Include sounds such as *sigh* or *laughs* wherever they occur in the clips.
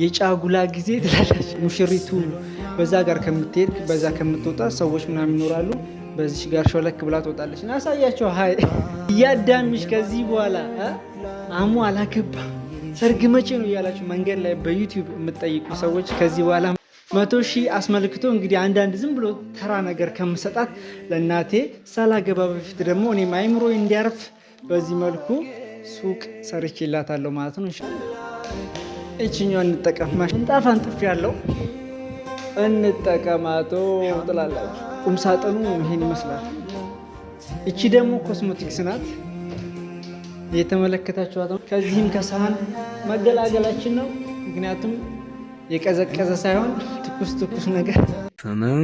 የጫጉላ ጊዜ ትላለች ሙሽሪቱ። በዛ ጋር ከምትሄድ በዛ ከምትወጣ ሰዎች ምናምን ይኖራሉ። በዚህ ጋር ሸለክ ብላ ትወጣለች እና ሀይ እያዳምሽ ከዚህ በኋላ አሙ አላገባ ሰርግ መቼ ነው እያላችሁ መንገድ ላይ በዩቲዩብ የምትጠይቁ ሰዎች ከዚህ በኋላ መቶ ሺህ አስመልክቶ እንግዲህ አንዳንድ ዝም ብሎ ተራ ነገር ከምሰጣት ለእናቴ ሳላገባ በፊት ደግሞ እኔም አይምሮ እንዲያርፍ በዚህ መልኩ ሱቅ ሰርቼላታለሁ ማለት ነው። እችኛው እንጠቀም። ምንጣፍ አንጥፍ ያለው እንጠቀማቶ ጥላላችሁ። ቁምሳጥኑ ይሄን ይመስላል። እቺ ደግሞ ኮስሞቲክስ ናት። የተመለከታችኋት ከዚህም ከሰሃን መገላገላችን ነው። ምክንያቱም የቀዘቀዘ ሳይሆን ትኩስ ትኩስ ነገር فمن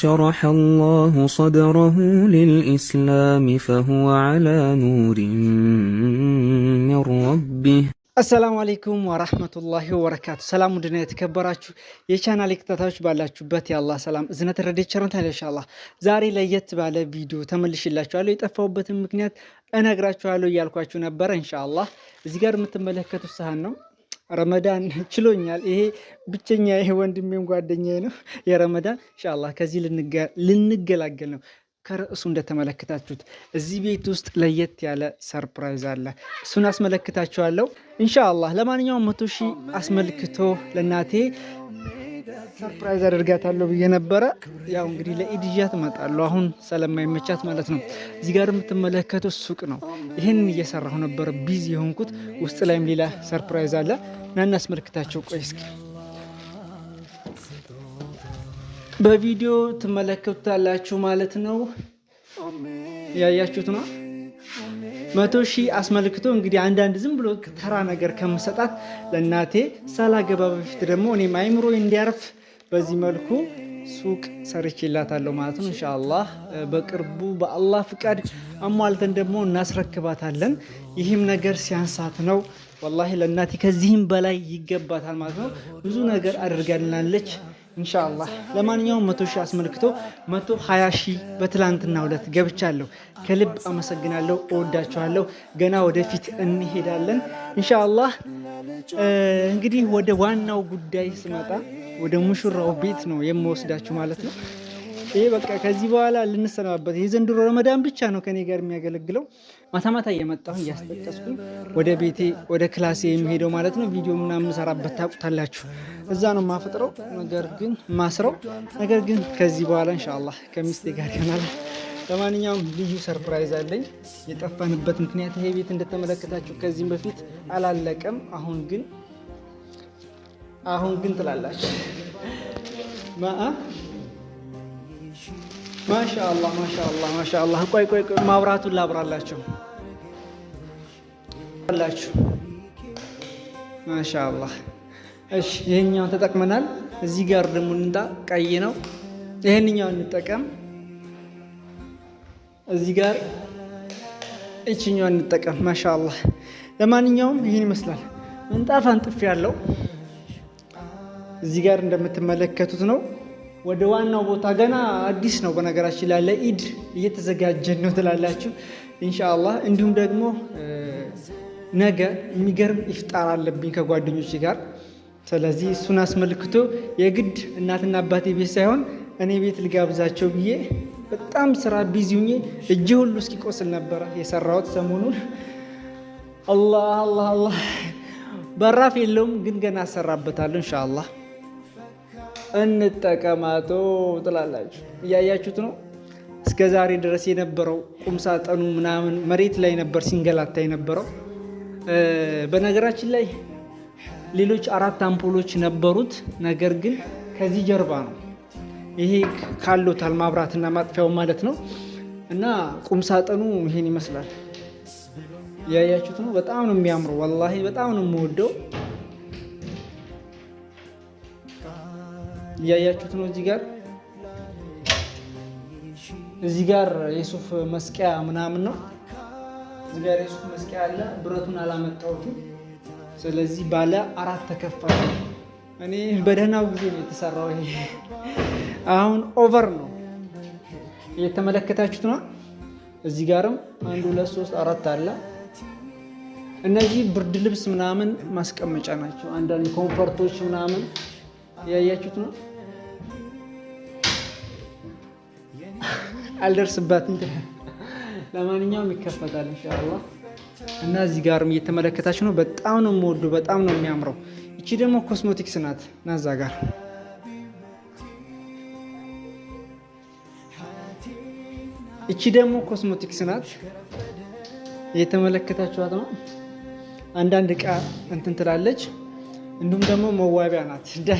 شرح الله صدره ሊልኢስላሚ ፈሁወ على نور من ربه አሰላሙ አሌይኩም ወራህመቱላሂ ወበረካቱ። ሰላም ውድና የተከበራችሁ የቻናል ተከታታዮች ባላችሁበት የአላህ ሰላም እዝነት ረድኤት ቸርነት ኢንሻአላህ ዛሬ ለየት ባለ ቪዲዮ ተመልሼላችኋለሁ። የጠፋሁበትን ምክንያት እነግራችኋለሁ እያልኳችሁ ነበረ ኢንሻአላህ። እዚህ ጋር የምትመለከቱት ሰሃን ነው። ረመዳን *laughs* ችሎኛል። ይሄ ብቸኛ ይሄ ወንድሜም ጓደኛዬ ነው የረመዳን ኢንሻአላህ ከዚህ ልንገላገል ነው። ከርዕሱ እንደተመለከታችሁት እዚህ ቤት ውስጥ ለየት ያለ ሰርፕራይዝ አለ። እሱን አስመለክታችኋለሁ ኢንሻአላህ። ለማንኛውም መቶ ሺህ አስመልክቶ ለእናቴ ሰርፕራይዝ አደርጋታለሁ ብዬ ነበረ። ያው እንግዲህ ለኢድያ ትመጣለሁ አሁን ስለማይመቻት ማለት ነው። እዚህ ጋር የምትመለከቱት ሱቅ ነው። ይህን እየሰራሁ ነበር ቢዚ የሆንኩት። ውስጥ ላይም ሌላ ሰርፕራይዝ አለ ናና አስመልክታቸው። ቆይ እስኪ በቪዲዮ ትመለከቱታላችሁ ማለት ነው። ያያችሁት ነው። መቶ ሺህ አስመልክቶ እንግዲህ አንዳንድ ዝም ብሎ ተራ ነገር ከምሰጣት ለእናቴ ሳላገባ በፊት ደግሞ እኔም አይምሮ እንዲያርፍ በዚህ መልኩ ሱቅ ሰርቼላታለሁ ማለት ነው። እንሻላ በቅርቡ በአላህ ፍቃድ አሟልተን ደግሞ እናስረክባታለን። ይህም ነገር ሲያንሳት ነው። ወላሂ ለእናቴ ከዚህም በላይ ይገባታል ማለት ነው። ብዙ ነገር አድርጋልናለች። እንሻላ ለማንኛውም መቶ ሺህ አስመልክቶ መቶ ሀያ ሺህ በትላንትና ሁለት ገብቻለሁ። ከልብ አመሰግናለሁ። እወዳችኋለሁ። ገና ወደፊት እንሄዳለን እንሻላ እንግዲህ ወደ ዋናው ጉዳይ ስመጣ ወደ ሙሽራው ቤት ነው የምወስዳችሁ ማለት ነው። ይሄ በቃ ከዚህ በኋላ ልንሰነባበት የዘንድሮ ዘንድሮ ረመዳን ብቻ ነው ከኔ ጋር የሚያገለግለው። ማታ ማታ እየመጣሁ እያስጠቀስኩ ወደ ቤቴ ወደ ክላሴ የሚሄደው ማለት ነው። ቪዲዮ ምናምን የምሰራበት ታውቁታላችሁ። እዛ ነው ማፈጥረው ነገር ግን ማስረው ነገር ግን ከዚህ በኋላ እንሻላ ከሚስቴ ጋር ይሆናል። ለማንኛውም ልዩ ሰርፕራይዝ አለኝ። የጠፋንበት ምክንያት ይሄ ቤት እንደተመለከታችሁ ከዚህም በፊት አላለቀም። አሁን ግን አሁን ግን ትላላችሁ ማሻአላ ማሻአላ ማሻአላ። ቆይ ቆይ ቆይ ማብራቱን ላብራላችሁ አላችሁ። ማሻአላ። እሺ ይሄኛውን ተጠቅመናል። እዚህ ጋር ደግሞ እንጣ ቀይ ነው። ይሄንኛውን እንጠቀም። እዚህ ጋር እችኛውን እንጠቀም። ማሻአላ። ለማንኛውም ይህን ይመስላል። ምንጣፍ አንጥፍ ያለው እዚህ ጋር እንደምትመለከቱት ነው። ወደ ዋናው ቦታ ገና አዲስ ነው። በነገራችን ላይ ለኢድ እየተዘጋጀን ነው ትላላችሁ ኢንሻአላህ። እንዲሁም ደግሞ ነገ የሚገርም ኢፍጣር አለብኝ ከጓደኞች ጋር። ስለዚህ እሱን አስመልክቶ የግድ እናትና አባቴ ቤት ሳይሆን እኔ ቤት ልጋብዛቸው ብዬ በጣም ስራ ቢዚ ሁኜ እጅ ሁሉ እስኪቆስል ነበረ የሰራሁት ሰሞኑን። አላህ አላህ አላህ በራፍ የለውም ግን ገና አሰራበታለሁ ኢንሻአላህ። እንጠቀማቶ ጥላላችሁ። እያያችሁት ነው። እስከ ዛሬ ድረስ የነበረው ቁምሳጥኑ ምናምን መሬት ላይ ነበር ሲንገላታ የነበረው። በነገራችን ላይ ሌሎች አራት አምፖሎች ነበሩት፣ ነገር ግን ከዚህ ጀርባ ነው ይሄ ካሎታል ማብራትና ማጥፊያው ማለት ነው። እና ቁምሳጥኑ ይሄን ይመስላል። እያያችሁት ነው። በጣም ነው የሚያምረው። ወላሂ በጣም ነው የምወደው። እያያችሁት ነው። እዚህ ጋር እዚህ ጋር የሱፍ መስቂያ ምናምን ነው። እዚህ ጋር የሱፍ መስቂያ አለ። ብረቱን አላመጣሁትም። ስለዚህ ባለ አራት ተከፋይ እኔ በደህናው ጊዜ ነው የተሰራው። ይሄ አሁን ኦቨር ነው እየተመለከታችሁት ነው። እዚህ ጋርም አንድ ሁለት ሶስት አራት አለ። እነዚህ ብርድ ልብስ ምናምን ማስቀመጫ ናቸው። አንዳንድ ኮንፈርቶች ምናምን እያያችሁት ነው። አልደርስባትም። ለማንኛውም ይከፈታል እንሻላ እና እዚህ ጋርም እየተመለከታችሁ ነው። በጣም ነው የምወዱ፣ በጣም ነው የሚያምረው። እቺ ደግሞ ኮስሞቲክስ ናት። ናዛ ጋር እቺ ደግሞ ኮስሞቲክስ ናት። እየተመለከታችኋት ነው። አንዳንድ እቃ እንትን ትላለች። እንዲሁም ደግሞ መዋቢያ ናት። *laughs*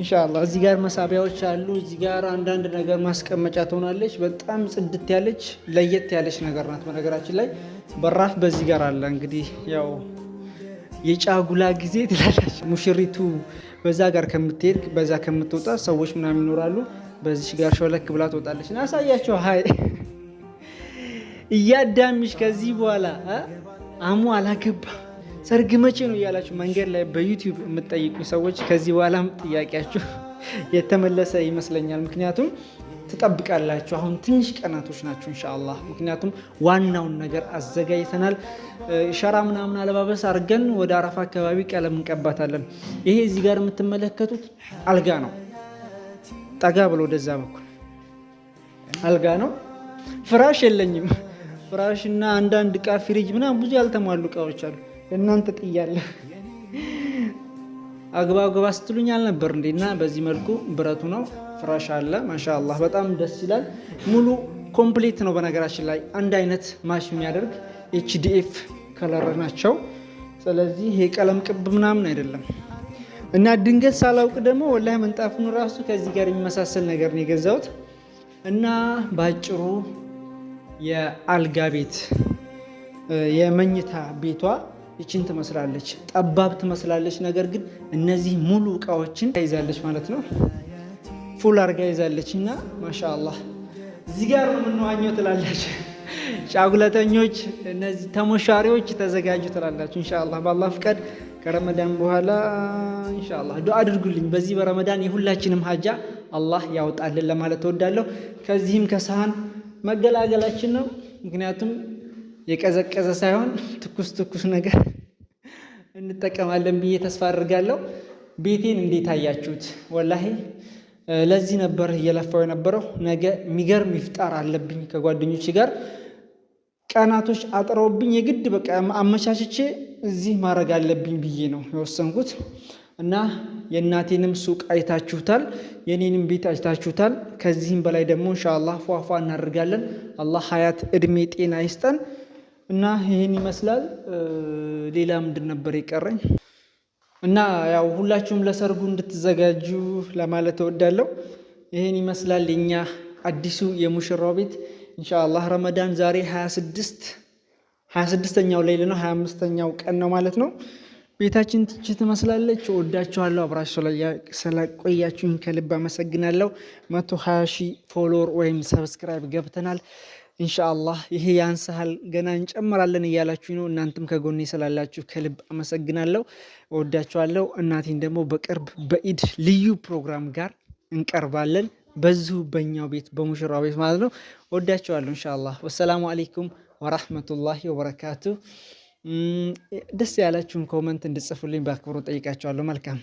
እንሻላ እዚህ ጋር መሳቢያዎች አሉ። እዚህ ጋር አንዳንድ ነገር ማስቀመጫ ትሆናለች። በጣም ጽድት ያለች ለየት ያለች ነገር ናት። በነገራችን ላይ በራፍ በዚህ ጋር አለ። እንግዲህ ያው የጫጉላ ጊዜ ትላለች ሙሽሪቱ። በዛ ጋር ከምትሄድ በዛ ከምትወጣ ሰዎች ምናምን ይኖራሉ። በዚች ጋር ሸለክ ብላ ትወጣለች። እና አሳያቸው ሀይ እያዳሚሽ ከዚህ በኋላ አሙ አላገባ ሰርግ መቼ ነው እያላችሁ መንገድ ላይ በዩቲዩብ የምትጠይቁ ሰዎች ከዚህ በኋላም ጥያቄያችሁ *laughs* የተመለሰ ይመስለኛል። ምክንያቱም ትጠብቃላችሁ። አሁን ትንሽ ቀናቶች ናቸው እንሻላ። ምክንያቱም ዋናውን ነገር አዘጋጅተናል። ሸራ ምናምን አለባበስ አድርገን ወደ አረፋ አካባቢ ቀለም እንቀባታለን። ይሄ እዚህ ጋር የምትመለከቱት አልጋ ነው። ጠጋ ብሎ ወደዛ በኩል አልጋ ነው። ፍራሽ የለኝም። ፍራሽ እና አንዳንድ እቃ ፍሪጅ ምናምን ብዙ ያልተሟሉ እቃዎች አሉ። እናንተ ጥያለ አግባ አግባ ስትሉኝ አልነበር እንዴና በዚህ መልኩ ብረቱ ነው ፍራሽ አለ። ማሻአላህ በጣም ደስ ይላል። ሙሉ ኮምፕሌት ነው። በነገራችን ላይ አንድ አይነት ማሽ የሚያደርግ ኤችዲኤፍ ከለር ናቸው። ስለዚህ ይሄ ቀለም ቅብ ምናምን አይደለም እና ድንገት ሳላውቅ ደግሞ ወላሂ ምንጣፉን ራሱ ከዚህ ጋር የሚመሳሰል ነገር ነው የገዛሁት እና በአጭሩ የአልጋ ቤት የመኝታ ቤቷ ይችን ትመስላለች፣ ጠባብ ትመስላለች። ነገር ግን እነዚህ ሙሉ እቃዎችን ይዛለች ማለት ነው። ፉል አርጋ ይዛለች እና ማሻአላህ እዚህ ጋር ነው የምንዋኘው ትላላችሁ። ጫጉለተኞች እነዚህ ተሞሻሪዎች ተዘጋጁ ትላላችሁ። እንሻላ በአላህ ፍቃድ ከረመዳን በኋላ እንሻላ ዱ አድርጉልኝ። በዚህ በረመዳን የሁላችንም ሀጃ አላህ ያውጣልን ለማለት ተወዳለሁ ከዚህም ከሰሃን መገላገላችን ነው ምክንያቱም የቀዘቀዘ ሳይሆን ትኩስ ትኩስ ነገር እንጠቀማለን ብዬ ተስፋ አድርጋለሁ። ቤቴን እንዴት አያችሁት? ወላሂ ለዚህ ነበር እየለፋው የነበረው። ነገ የሚገርም ይፍጣር አለብኝ ከጓደኞች ጋር ቀናቶች አጥረውብኝ የግድ በቃ አመቻችቼ እዚህ ማድረግ አለብኝ ብዬ ነው የወሰንኩት እና የእናቴንም ሱቅ አይታችሁታል፣ የኔንም ቤት አይታችሁታል። ከዚህም በላይ ደግሞ እንሻ ፏፏ እናደርጋለን። አላህ ሀያት እድሜ ጤና ይስጠን። እና ይህን ይመስላል። ሌላ ምንድን ነበር የቀረኝ? እና ያው ሁላችሁም ለሰርጉ እንድትዘጋጁ ለማለት እወዳለሁ። ይህን ይመስላል የኛ አዲሱ የሙሽራው ቤት ኢንሻአላህ። ረመዳን ዛሬ 26 ኛው ሌል ነው፣ 25ኛው ቀን ነው ማለት ነው። ቤታችን ትች ትመስላለች። ወዳችኋለሁ። አብራችሁ ስለቆያችሁኝ ከልብ አመሰግናለሁ። መቶ ሀያ ሺህ ፎሎወር ወይም ሰብስክራይብ ገብተናል። ኢንሻአላህ ይሄ ያንስሃል ገና እንጨምራለን እያላችሁ ነው። እናንተም ከጎኔ ስላላችሁ ከልብ አመሰግናለሁ። እወዳችኋለሁ። እናቴን ደግሞ በቅርብ በኢድ ልዩ ፕሮግራም ጋር እንቀርባለን። በዚሁ በእኛው ቤት በሙሽራ ቤት ማለት ነው። ወዳችኋለሁ። ኢንሻአላህ ወሰላሙ አሌይኩም ወራህመቱላሂ ወበረካቱ። ደስ ያላችሁን ኮመንት እንድጽፉልኝ በአክብሮ ጠይቃችኋለሁ። መልካም